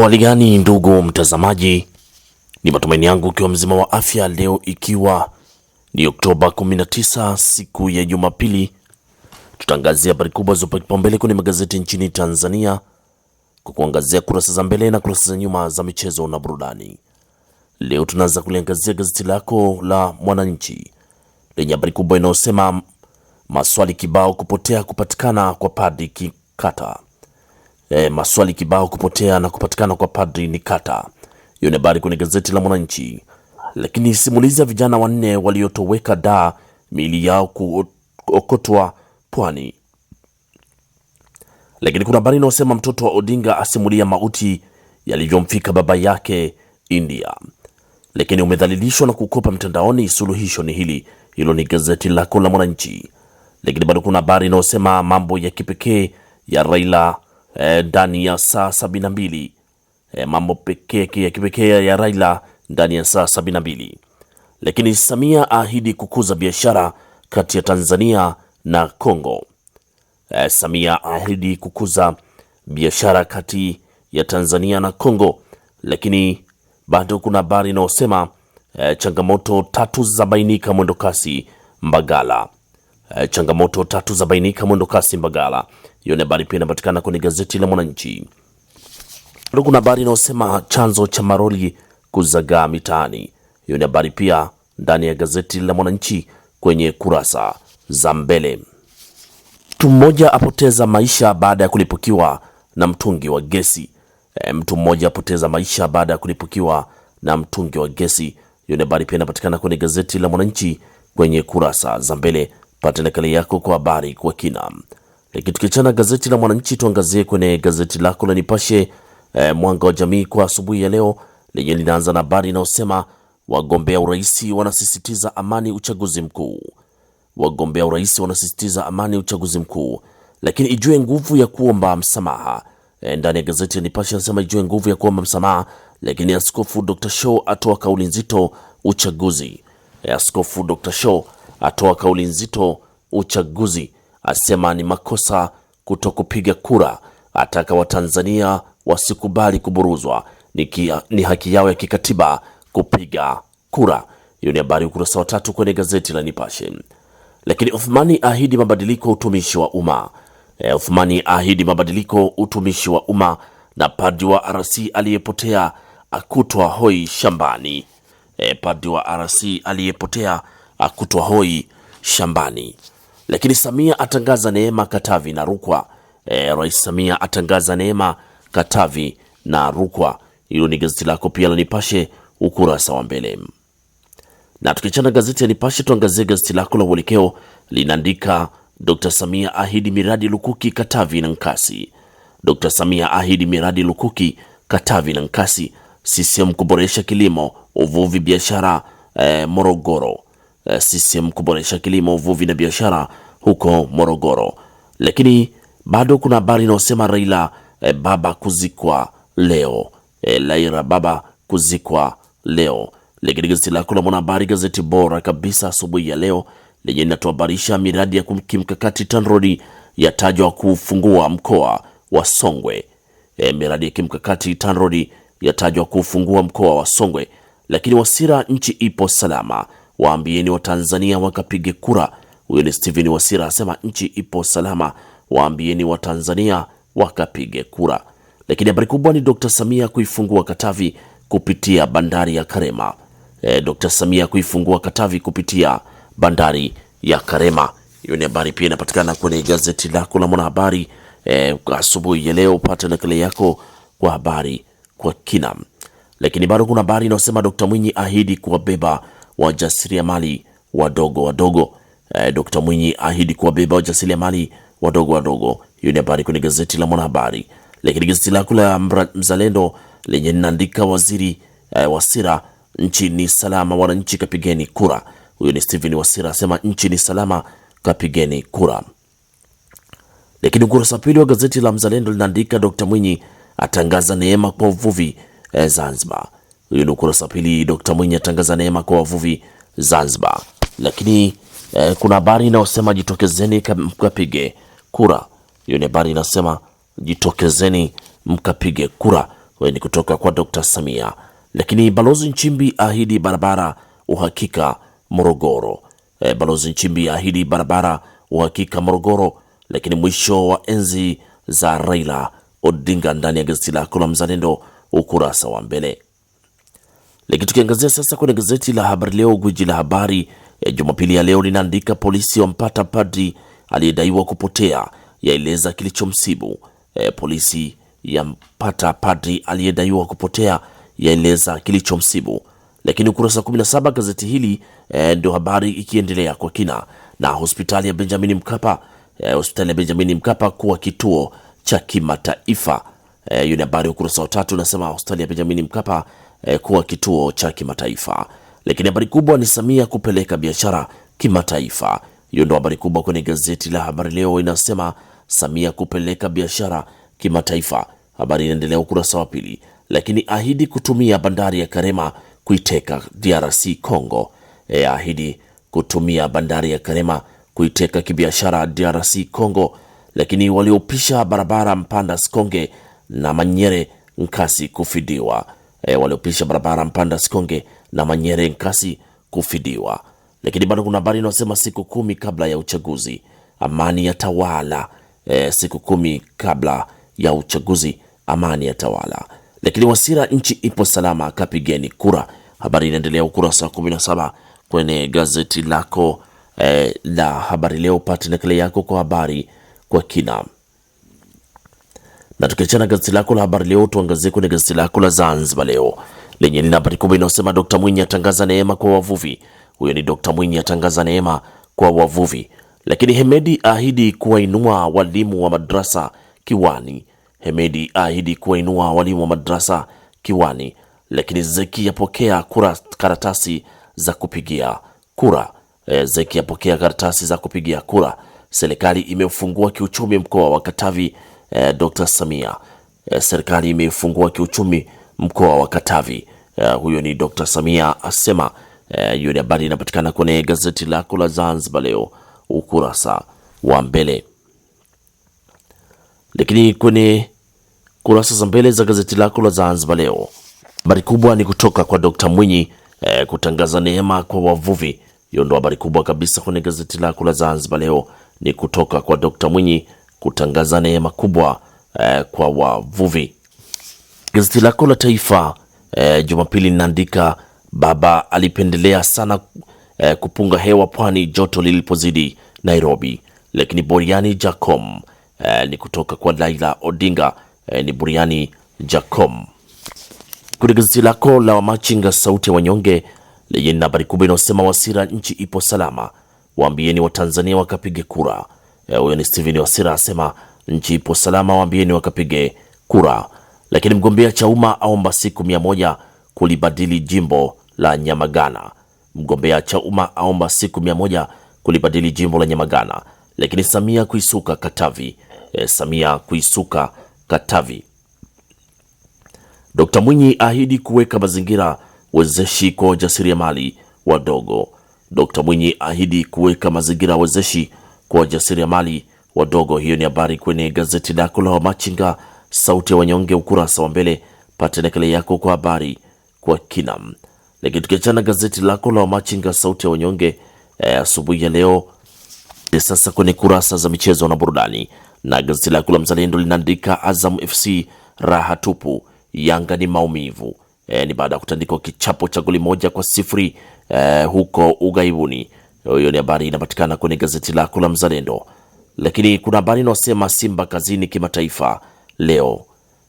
Hali gani ndugu mtazamaji, ni matumaini yangu ukiwa mzima wa afya leo, ikiwa ni Oktoba 19 siku ya Jumapili, tutaangazia habari kubwa zopa kipaumbele kwenye magazeti nchini Tanzania kwa kuangazia kurasa za mbele na kurasa za nyuma za michezo na burudani. Leo tunaanza kuliangazia gazeti lako la Mwananchi lenye habari kubwa inayosema maswali kibao kupotea kupatikana kwa Padri Kikata e, maswali kibao kupotea na kupatikana kwa padri Nikata. Hiyo ni habari kwenye gazeti la Mwananchi. Lakini simulizi ya vijana wanne waliotoweka da miili yao kuokotwa pwani. Lakini kuna habari inayosema mtoto wa Odinga asimulia mauti yalivyomfika baba yake India. Lakini umedhalilishwa na kukopa mtandaoni, suluhisho ni hili. Hilo ni gazeti lako la Mwananchi. Lakini bado kuna habari inayosema mambo ya kipekee ya Raila Eh, ndani ya saa sabini na mbili. E, mambo pekee ya kipekee ya Raila ndani ya saa sabini na mbili. Lakini Samia ahidi kukuza biashara kati ya Tanzania na Kongo. E, Samia ahidi kukuza biashara kati ya Tanzania na Kongo, lakini bado kuna habari inayosema e, changamoto tatu za bainika mwendokasi Mbagala. E, changamoto tatu za bainika mwendokasi Mbagala. Hiyo ni habari pia inapatikana kwenye gazeti la Mwananchi. Ndugu na habari inayosema chanzo cha maroli kuzagaa mitaani. Hiyo ni habari pia ndani ya gazeti la Mwananchi kwenye kurasa za mbele. Mtu mmoja apoteza maisha baada ya kulipukiwa na mtungi wa gesi. E, mtu mmoja apoteza maisha baada ya kulipukiwa na mtungi wa gesi. Hiyo ni habari pia inapatikana kwenye gazeti la Mwananchi kwenye kurasa za mbele. Pata nakala yako kwa habari kwa kina. Lakini tukiachana gazeti la Mwananchi, tuangazie kwenye gazeti lako la Nipashe eh, mwanga wa jamii kwa asubuhi ya leo, lenye linaanza na habari inayosema wagombea urais wanasisitiza amani uchaguzi mkuu. Wagombea urais wanasisitiza amani uchaguzi mkuu, lakini ijue nguvu ya kuomba msamaha. E, ndani ya gazeti ya Nipashe anasema ijue nguvu ya kuomba msamaha, lakini Askofu Dr. Show atoa kauli nzito uchaguzi. E, Askofu Dr. Show atoa kauli nzito uchaguzi asema ni makosa kutokupiga kura, ataka Watanzania wasikubali kuburuzwa, ni haki yao ya kikatiba kupiga kura. Hiyo ni habari ukurasa wa tatu kwenye gazeti la Nipashe. Lakini Uthmani ahidi mabadiliko utumishi wa umma. E, Uthmani ahidi mabadiliko utumishi wa umma na padri wa RC aliyepotea akutwa hoi shambani. E, padri wa RC aliyepotea akutwa hoi shambani. Lakini Samia atangaza neema Katavi na Rukwa. E, Rais Samia atangaza neema Katavi na Rukwa. Hilo ni gazeti lako pia la Nipashe ukurasa wa mbele. Na tukichana gazeti ya Nipashe tuangazie gazeti lako la Uelekeo linaandika Dr. Samia ahidi miradi lukuki Katavi na Nkasi. Dr. Samia ahidi miradi lukuki Katavi na Nkasi. CCM kuboresha kilimo, uvuvi, biashara eh, Morogoro. CCM eh, kuboresha kilimo, uvuvi na biashara huko Morogoro. Lakini bado kuna habari inayosema Raila e, baba kuzikwa leo e, eh, Laira baba kuzikwa leo. Lakini gazeti lako la Mwanahabari, gazeti bora kabisa asubuhi ya leo, lenye linatuhabarisha miradi ya kimkakati TANROADS yatajwa kufungua mkoa wa Songwe. E, miradi ya kimkakati TANROADS yatajwa kufungua mkoa wa Songwe. Lakini Wasira, nchi ipo salama waambieni Watanzania wakapige kura. Huyo ni Steven Wasira asema nchi ipo salama, waambieni Watanzania wakapige kura. Lakini habari kubwa ni Dr. Samia kuifungua Katavi kupitia bandari ya Karema. E, Dr. Samia kuifungua Katavi kupitia bandari ya Karema. Hiyo ni habari pia inapatikana kwenye gazeti lako la Mwanahabari e, asubuhi ya leo. Pata nakala yako kwa habari kwa kina. Lakini bado kuna habari inayosema Dr. Mwinyi ahidi kuwabeba wajasiriamali wadogo wadogo. Eh, Dkt. Mwinyi ahidi kuwabeba wajasiriamali wadogo wadogo. Hiyo ni habari kwenye gazeti la Mwanahabari, lakini gazeti lako la Mzalendo lenye linaandika waziri eh, Wasira, nchi ni salama, wananchi kapigeni kura. Huyo ni Steven Wasira asema nchi ni salama, kapigeni kura. Lakini ukurasa wa pili wa gazeti la Mzalendo linaandika Dkt. Mwinyi atangaza neema kwa uvuvi eh, Zanzibar. Hiyo ni ukurasa pili. Dr Mwinyi atangaza neema kwa wavuvi Zanzibar. Lakini eh, kuna habari inayosema jitokezeni mkapige kura. Hiyo ni habari inasema jitokezeni mkapige kura, ni kutoka kwa Dr Samia. Lakini balozi Nchimbi ahidi barabara uhakika Morogoro. Eh, balozi Nchimbi ahidi barabara uhakika Morogoro. Lakini mwisho wa enzi za Raila Odinga ndani ya gazeti lako la Mzalendo ukurasa wa mbele. Lakini tukiangazia sasa kwenye gazeti la Habari Leo, gwiji la habari ya Jumapili ya leo linaandika polisi wampata padri aliyedaiwa kupotea, yaeleza kilichomsibu. E, polisi yampata padri aliyedaiwa kupotea, yaeleza kilichomsibu. Lakini ukurasa 17 gazeti hili e, ndio habari ikiendelea kwa kina. Na hospitali ya Benjamin Mkapa e, hospitali ya Benjamin Mkapa kuwa kituo cha kimataifa. E, yule habari ukurasa wa tatu unasema hospitali ya Benjamin Mkapa eh, kuwa kituo cha kimataifa. Lakini habari kubwa ni Samia kupeleka biashara kimataifa. Hiyo ndio habari kubwa kwenye gazeti la Habari Leo, inasema Samia kupeleka biashara kimataifa. Habari inaendelea ukurasa wa pili. Lakini ahidi kutumia bandari ya Karema kuiteka DRC Congo. E, ahidi kutumia bandari ya Karema kuiteka kibiashara DRC Congo. Lakini waliopisha barabara Mpanda Sikonge na Manyere Nkasi kufidiwa e, waliopisha barabara Mpanda Sikonge na Manyere Nkasi kufidiwa. Lakini bado kuna habari inayosema siku kumi kabla ya uchaguzi amani ya tawala. E, eh, siku kumi kabla ya uchaguzi amani ya tawala. Lakini Wasira, nchi ipo salama, kapigeni kura. Habari inaendelea ukurasa wa 17 kwenye gazeti lako e, la Habari Leo. Pata nakala yako kwa habari kwa kina. Na tukiachana gazeti lako la habari leo, tuangazie kwenye gazeti lako la Zanzibar leo lenye lina habari kubwa inayosema Dr. Mwinyi atangaza neema kwa wavuvi. Huyo ni Dr. Mwinyi atangaza neema kwa wavuvi. Lakini Hemedi ahidi kuwainua walimu wa madrasa kiwani. Hemedi ahidi kuwainua walimu wa madrasa kiwani. Lakini Zeki yapokea kura karatasi za kupigia kura. E, Zeki yapokea karatasi za kupigia kura. Serikali imefungua kiuchumi mkoa wa Katavi eh, Dr. Samia eh, serikali imefungua kiuchumi mkoa wa Katavi. Eh, huyo ni Dr. Samia asema eh, ni habari inapatikana kwenye gazeti lako la Zanzibar leo ukurasa wa mbele. Lakini kwenye kurasa za mbele za gazeti lako la Zanzibar leo habari kubwa ni kutoka kwa Dr. Mwinyi eh, kutangaza neema kwa wavuvi. Hiyo ndo habari kubwa kabisa kwenye gazeti lako la Zanzibar leo ni kutoka kwa Dr. Mwinyi kutangaza neema kubwa eh, kwa wavuvi. Gazeti lako la Taifa eh, Jumapili linaandika baba alipendelea sana eh, kupunga hewa pwani joto lilipozidi Nairobi, lakini buriani Jacom eh, ni kutoka kwa Laila Odinga eh, ni buriani Jacom. Kuna gazeti lako la Wamachinga sauti ya wanyonge lenye habari kubwa inayosema Wasira, nchi ipo salama, waambieni Watanzania wakapige kura Eh, huyo ni Steven Wasira asema nchi ipo salama, waambieni wakapige kura. Lakini mgombea Chauma aomba siku mia moja kulibadili jimbo la Nyamagana. Mgombea Chauma aomba siku mia moja kulibadili jimbo la Nyamagana. Lakini Samia kuisuka Katavi. E, Samia kuisuka Katavi. Dkt. Mwinyi ahidi kuweka mazingira wezeshi kwa wajasiriamali wadogo. Dkt. Mwinyi ahidi kuweka mazingira wezeshi kwa wajasiriamali wadogo. Hiyo ni habari kwenye gazeti lako la Wamachinga, sauti ya wanyonge, ukurasa wa mbele. Pata nakala yako kwa habari kwa kina. Lakini tukiachana gazeti lako la Wamachinga, sauti ya wanyonge eh, asubuhi ya leo eh, sasa kwenye kurasa za michezo na burudani, na gazeti lako la Mzalendo linaandika Azam FC raha tupu, Yanga ni maumivu. E, ni baada ya kutandikwa kichapo cha goli moja kwa sifuri e, huko ugaibuni. Hiyo ni habari inapatikana kwenye gazeti lako la Mzalendo, lakini kuna habari inayosema Simba kazini kimataifa leo.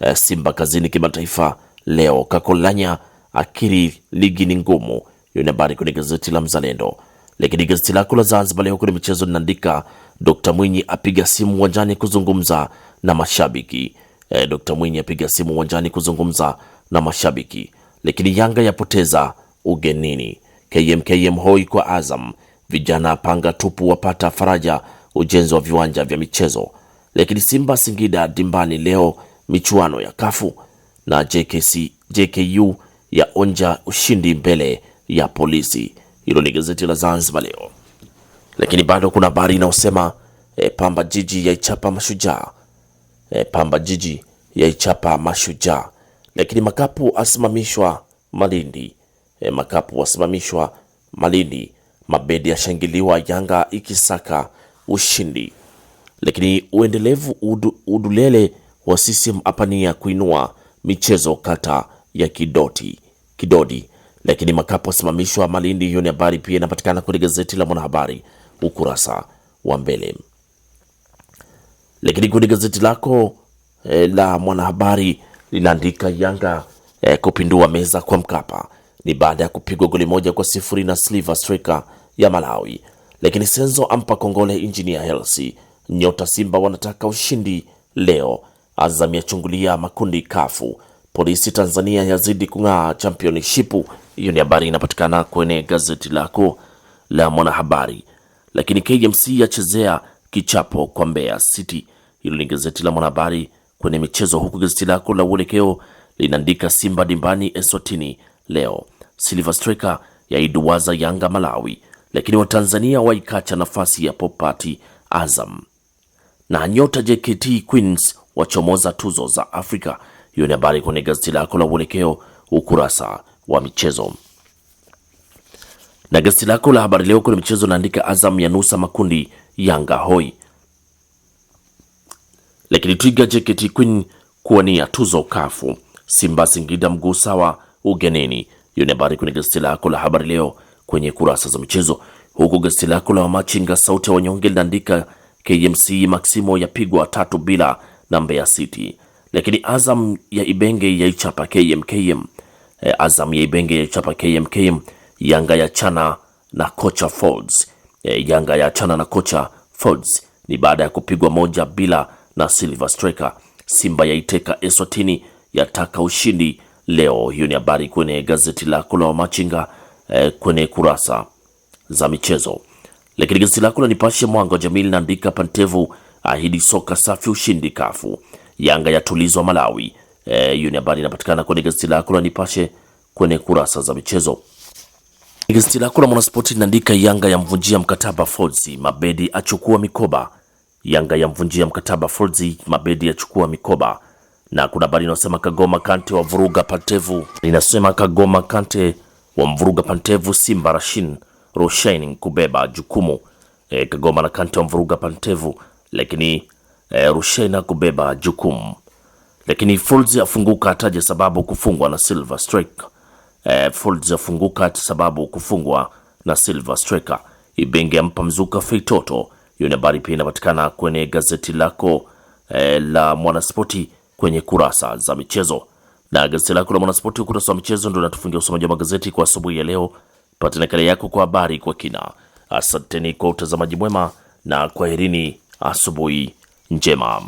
Eh, Simba kazini kimataifa leo, Kakolanya akiri ligi ni ngumu. Hiyo ni habari kwenye gazeti la Mzalendo, lakini gazeti lako la Zanzibar Leo kwenye michezo linaandika Dr Mwinyi apiga simu uwanjani kuzungumza na mashabiki. E, eh, Dr Mwinyi apiga simu uwanjani kuzungumza na mashabiki. Lakini Yanga yapoteza ugenini, KMKM hoi kwa Azam vijana panga tupu wapata faraja ujenzi wa viwanja vya michezo. Lakini Simba Singida dimbani leo michuano ya kafu na JKC, JKU ya onja ushindi mbele ya polisi. Hilo ni gazeti la Zanzibar Leo, lakini bado kuna habari inayosema e, Pamba Jiji yaichapa Mashujaa e, Pamba Jiji yaichapa Mashujaa. Lakini Makapu asimamishwa Malindi e, Makapu asimamishwa Malindi Mabedi yashangiliwa Yanga ikisaka ushindi, lakini uendelevu udu, udulele wa CCM apania kuinua michezo kata ya Kidoti, Kidodi, lakini makapo asimamishwa Malindi. Hiyo ni habari pia inapatikana kwenye gazeti la Mwanahabari ukurasa wa mbele, lakini kwenye gazeti lako eh, la Mwanahabari linaandika Yanga eh, kupindua meza kwa Mkapa ni baada ya kupigwa goli moja kwa sifuri na Silver Strikers ya Malawi, lakini Senzo ampa kongole Injinia Hersi. Nyota Simba wanataka ushindi leo. Azam yachungulia makundi kafu. Polisi Tanzania yazidi kung'aa championship. Hiyo ni habari inapatikana kwenye gazeti lako la Mwanahabari. Lakini KMC yachezea kichapo kwa Mbeya City. Hilo ni gazeti la Mwanahabari kwenye michezo, huku gazeti lako la Uelekeo linaandika Simba dimbani Eswatini leo. Silver Striker yaiduwaza Yanga Malawi, lakini Watanzania waikacha nafasi ya Popati Azam, na nyota JKT Queens wachomoza tuzo za Afrika. Hiyo ni habari kwenye gazeti lako la Uelekeo ukurasa wa michezo na gazeti lako la Habari Leo kwenye michezo naandika Azam ya nusa makundi Yanga hoi, lakini Twiga JKT Queen kuwania tuzo kafu. Simba Singida mguu sawa ugenini. Hiyo ni habari kwenye gazeti lako la habari leo kwenye kurasa za michezo, huku gazeti lako la Wamachinga sauti ya wanyonge linaandika KMC Maximo yapigwa tatu bila na Mbeya City, lakini Azam ya Ibenge yaichapa KMKM. E, Azam ya Ibenge yaichapa KMKM. Yanga ya chana na kocha Fords. E, Yanga ya chana na kocha Fords ni baada ya kupigwa moja bila na Silver Striker. Simba yaiteka Eswatini yataka ushindi leo. Hiyo ni habari kwenye gazeti lako la Wamachinga eh, kwenye kurasa za michezo. Lakini gazeti lako la Nipashe Mwanga wa Jamii linaandika Pantevu ahidi soka safi ushindi kafu. Yanga yatulizwa Malawi. Eh, hiyo eh, ni habari inapatikana kwenye gazeti lako la Nipashe kwenye kurasa za michezo. Gazeti lako la Mwanaspoti linaandika Yanga yamvunjia mkataba Folzi, Mabedi achukua mikoba. Yanga yamvunjia mkataba Folzi, Mabedi achukua mikoba na kuna habari inasema Kagoma Kante wa Vuruga Pantevu, inasema Kagoma Kante wa Mvuruga Pantevu Simba Rashin Rushaini kubeba jukumu e, Kagoma na Kante wa Mvuruga Pantevu, lakini e, Rushaina kubeba jukumu, lakini Folz afunguka ataja sababu kufungwa na Silver Strike. E, Folz afunguka sababu kufungwa na Silver Striker. Ibenge ampa mzuka Feitoto. Hiyo ni habari pia inapatikana kwenye gazeti lako e, la Mwanaspoti kwenye kurasa za michezo. Na gazeti lako la Mwanaspoti ukurasa wa michezo ndio natufungia usomaji wa magazeti kwa asubuhi ya leo. Pata nakala yako kwa habari kwa kina. Asanteni kwa utazamaji mwema na kwaherini, asubuhi njema.